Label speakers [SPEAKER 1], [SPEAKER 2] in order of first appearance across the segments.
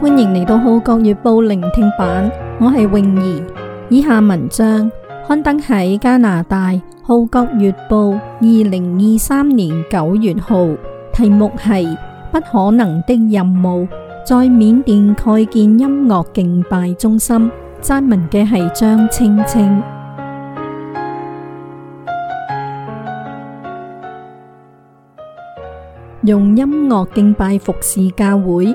[SPEAKER 1] 歡迎嚟到《浩國月報》聆聽版，我係泳儀。以下文章刊登喺加拿大《浩國月報》二零二三年九月號，題目係《不可能的任務》：在緬甸蓋建音樂敬拜中心。撰文嘅係張青青，用音樂敬拜服侍教會。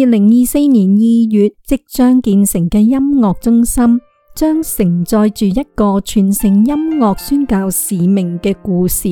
[SPEAKER 1] 二零二四年二月，即將建成嘅音樂中心，將承載住一個傳承音樂宣教使命嘅故事。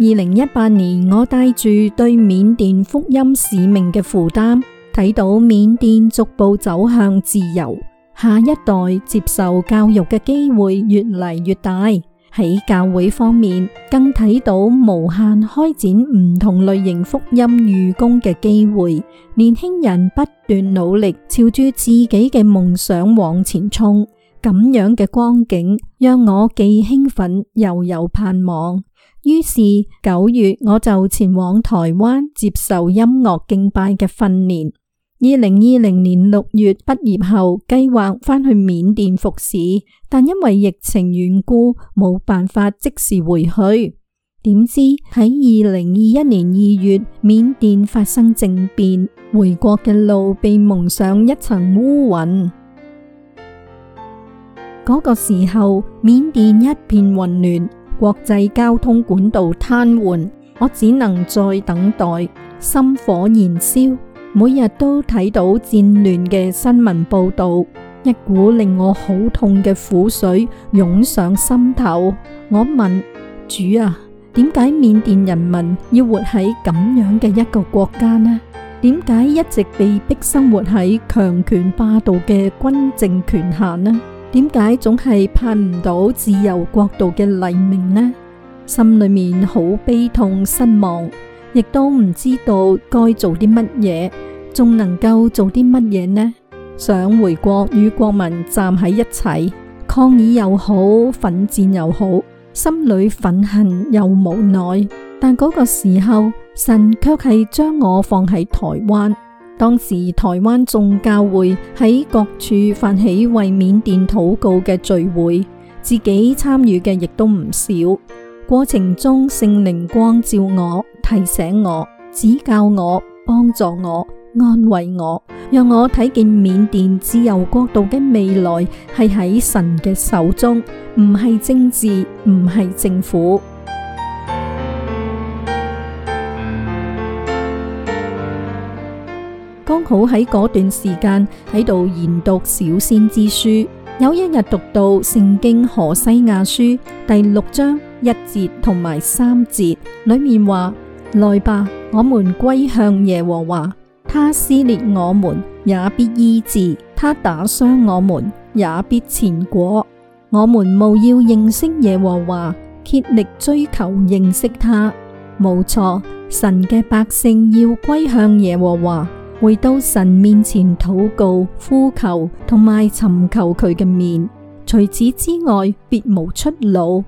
[SPEAKER 1] 二零一八年，我帶住對緬甸福音使命嘅負擔，睇到緬甸逐步走向自由，下一代接受教育嘅機會越嚟越大。喺教會方面，更睇到無限開展唔同類型福音預工嘅機會。年輕人不斷努力，朝住自己嘅夢想往前衝，咁樣嘅光景讓我既興奮又有盼望。於是九月我就前往台灣接受音樂敬拜嘅訓練。二零二零年六月畢業後，計劃返去緬甸服侍，但因為疫情緣故，冇辦法即時回去。點知喺二零二一年二月，緬甸發生政變，回國嘅路被蒙上一層烏雲。嗰個時候，緬甸一片混亂，國際交通管道癱瘓，我只能再等待，心火燃燒。每日都睇到戰亂嘅新聞報道，一股令我好痛嘅苦水湧上心頭。我問主啊，點解緬甸人民要活喺咁樣嘅一個國家呢？點解一直被逼生活喺強權霸道嘅軍政權下呢？點解總係盼唔到自由國度嘅黎明呢？心裏面好悲痛失望，亦都唔知道該做啲乜嘢。仲能夠做啲乜嘢呢？想回國與國民站喺一齊，抗議又好，奮戰又好，心裏憤恨又無奈。但嗰個時候，神卻係將我放喺台灣。當時台灣眾教會喺各處發起為緬甸禱告嘅聚會，自己參與嘅亦都唔少。過程中，聖靈光照我，提醒我，指教我，幫助我，安慰我，讓我睇見緬甸自由國度嘅未來係喺神嘅手中，唔係政治，唔係政府。剛好喺嗰段時間喺度研讀小先知書，有一日讀到《聖經何西阿書》第六章一節同埋三節裏面話：來吧，我們歸向耶和華。他撕裂我們也必醫治，他打傷我們也必纏裹。我們務要認識耶和華，竭力追求認識他。冇錯，神嘅百姓要歸向耶和華，回到神面前禱告、呼求同埋尋求佢嘅面。除此之外，別無出路。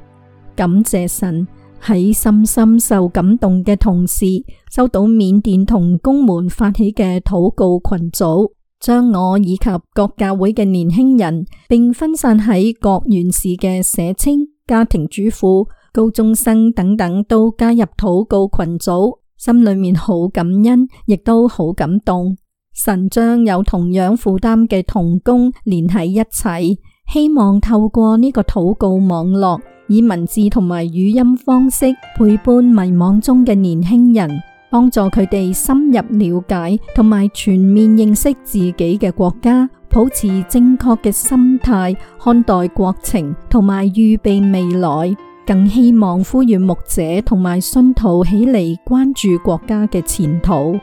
[SPEAKER 1] 感謝神。喺深深受感動嘅同時，收到緬甸同工們發起嘅禱告群組，將我以及各教會嘅年輕人，並分散喺各縣市嘅社青、家庭主婦、高中生等等，都加入禱告群組，心裏面好感恩，亦都好感動。神將有同樣負擔嘅同工連喺一齊，希望透過呢個禱告網絡。以文字同埋語音方式陪伴迷惘中嘅年輕人，幫助佢哋深入了解同埋全面認識自己嘅國家，保持正確嘅心態看待國情同埋預備未來。更希望呼籲牧者同埋信徒起嚟關注國家嘅前途。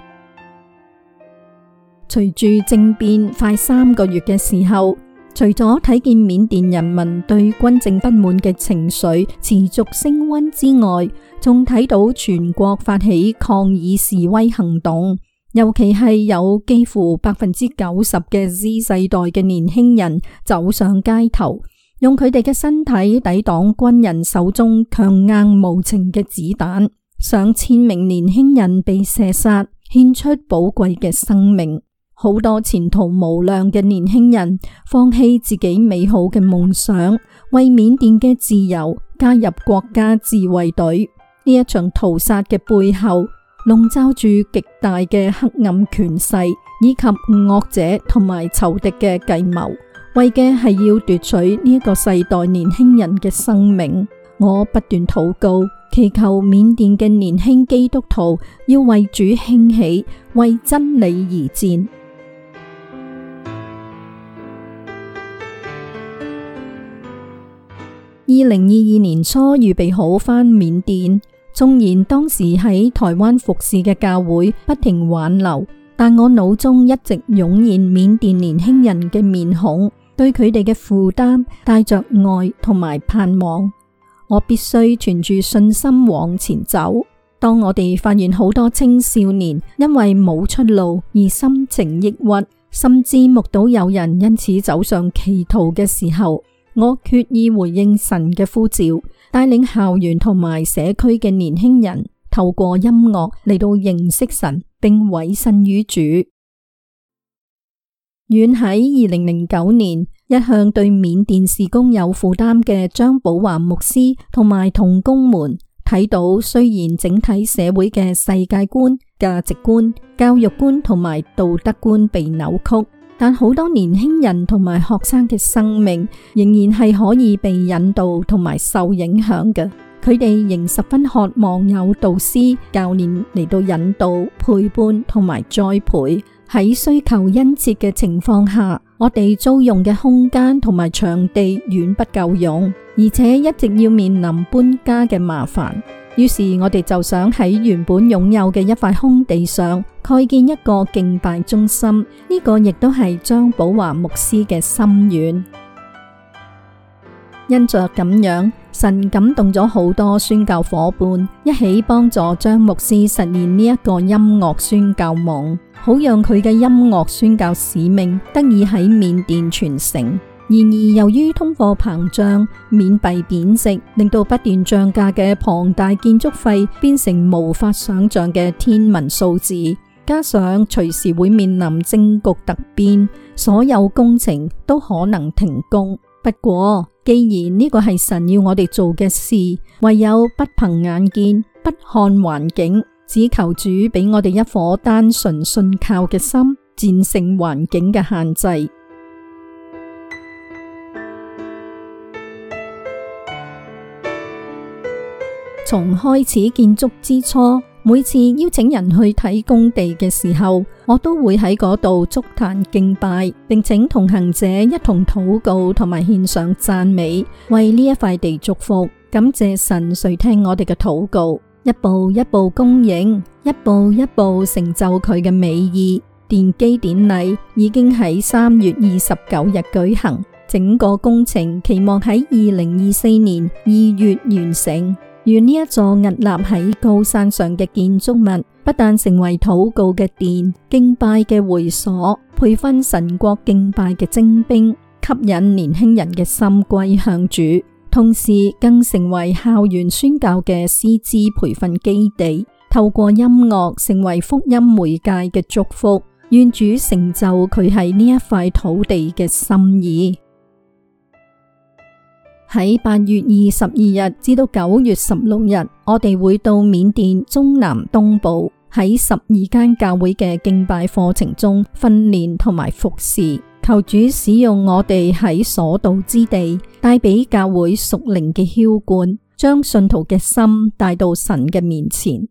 [SPEAKER 1] 隨住政變快三個月嘅時候，除咗睇見緬甸人民對軍政不滿嘅情緒持續升温之外，仲睇到全國發起抗議示威行動，尤其係有幾乎百分之九十嘅 Z 世代嘅年輕人走上街頭，用佢哋嘅身體抵擋軍人手中強硬無情嘅子彈，上千名年輕人被射殺，獻出寶貴嘅生命。好多前途無量嘅年輕人放棄自己美好嘅夢想，為緬甸嘅自由加入國家自衛隊。呢一場屠殺嘅背後，籠罩住極大嘅黑暗權勢以及惡、惡者同埋仇敵嘅計謀，為嘅係要奪取呢一個世代年輕人嘅生命。我不斷禱告，祈求緬甸嘅年輕基督徒要為主興起，為真理而戰。二零二二年初預備好返緬甸，縱然當時喺台灣服侍嘅教會不停挽留，但我腦中一直湧現緬甸年輕人嘅面孔，對佢哋嘅負擔帶着愛同埋盼望，我必須存住信心往前走。當我哋發現好多青少年因為冇出路而心情抑鬱，甚至目睹有人因此走上歧途嘅時候，我決意回應神嘅呼召，帶領校園同埋社區嘅年輕人，透過音樂嚟到認識神並委身於主。遠喺二零零九年，一向對緬甸事工有負擔嘅張寶華牧師同埋同工們，睇到雖然整體社會嘅世界觀、價值觀、教育觀同埋道德觀被扭曲。但好多年輕人同埋學生嘅生命仍然係可以被引導同埋受影響嘅，佢哋仍十分渴望有導師、教練嚟到引導、陪伴同埋栽培。喺需求殷切嘅情況下，我哋租用嘅空間同埋場地遠不夠用，而且一直要面臨搬家嘅麻煩。於是我哋就想喺原本擁有嘅一塊空地上蓋建一個敬拜中心，呢、這個亦都係張寶華牧師嘅心願。 因着咁樣，神感動咗好多宣教伙伴，一起幫助張牧師實現呢一個音樂宣教夢，好讓佢嘅音樂宣教使命得以喺緬甸傳承。然而，由於通貨膨脹、緬幣貶值，令到不斷漲價嘅龐大建築費變成無法想象嘅天文數字。加上隨時會面臨政局突變，所有工程都可能停工。不過，既然呢個係神要我哋做嘅事，唯有不憑眼見、不看環境，只求主俾我哋一顆單純信靠嘅心，戰勝環境嘅限制。從開始建築之初，每次邀請人去睇工地嘅時候，我都會喺嗰度築壇敬拜，並請同行者一同禱告，同埋獻上讚美，為呢一塊地祝福，感謝神垂聽我哋嘅禱告，一步一步供應，一步一步成就佢嘅美意。奠基典禮已經喺三月二十九日舉行，整個工程期望喺二零二四年二月完成。3月29 2014年月完成如呢一座屹立喺高山上嘅建築物，不但成為禱告嘅殿、敬拜嘅會所、培訓神國敬拜嘅精兵，吸引年輕人嘅心歸向主，同時更成為校園宣教嘅師資培訓基地。透過音樂，成為福音媒介嘅祝福，願主成就佢喺呢一塊土地嘅心意。喺八月二十二日至到九月十六日，我哋會到緬甸中南東部喺十二間教會嘅敬拜課程中訓練同埋服侍，求主使用我哋喺所到之地帶俾教會屬靈嘅澆灌，將信徒嘅心帶到神嘅面前。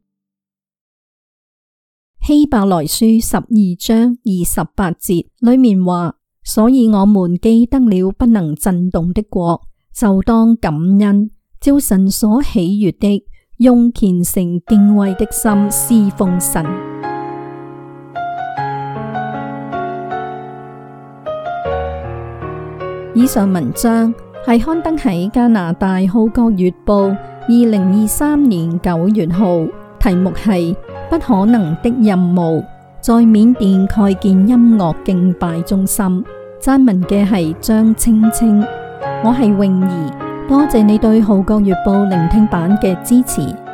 [SPEAKER 1] 希伯來書十二章二十八節裏面話：所以我們既得了不能震動的國。就當感恩，照神所喜悦的，用虔誠敬畏的心侍奉神。以上文章係刊登喺加拿大《號角月報》二零二三年九月號，題目係《不可能的任務》。在緬甸蓋建音樂敬拜中心，撰文嘅係張青青。我係穎兒，多謝你對《號角月報》聆聽版嘅支持。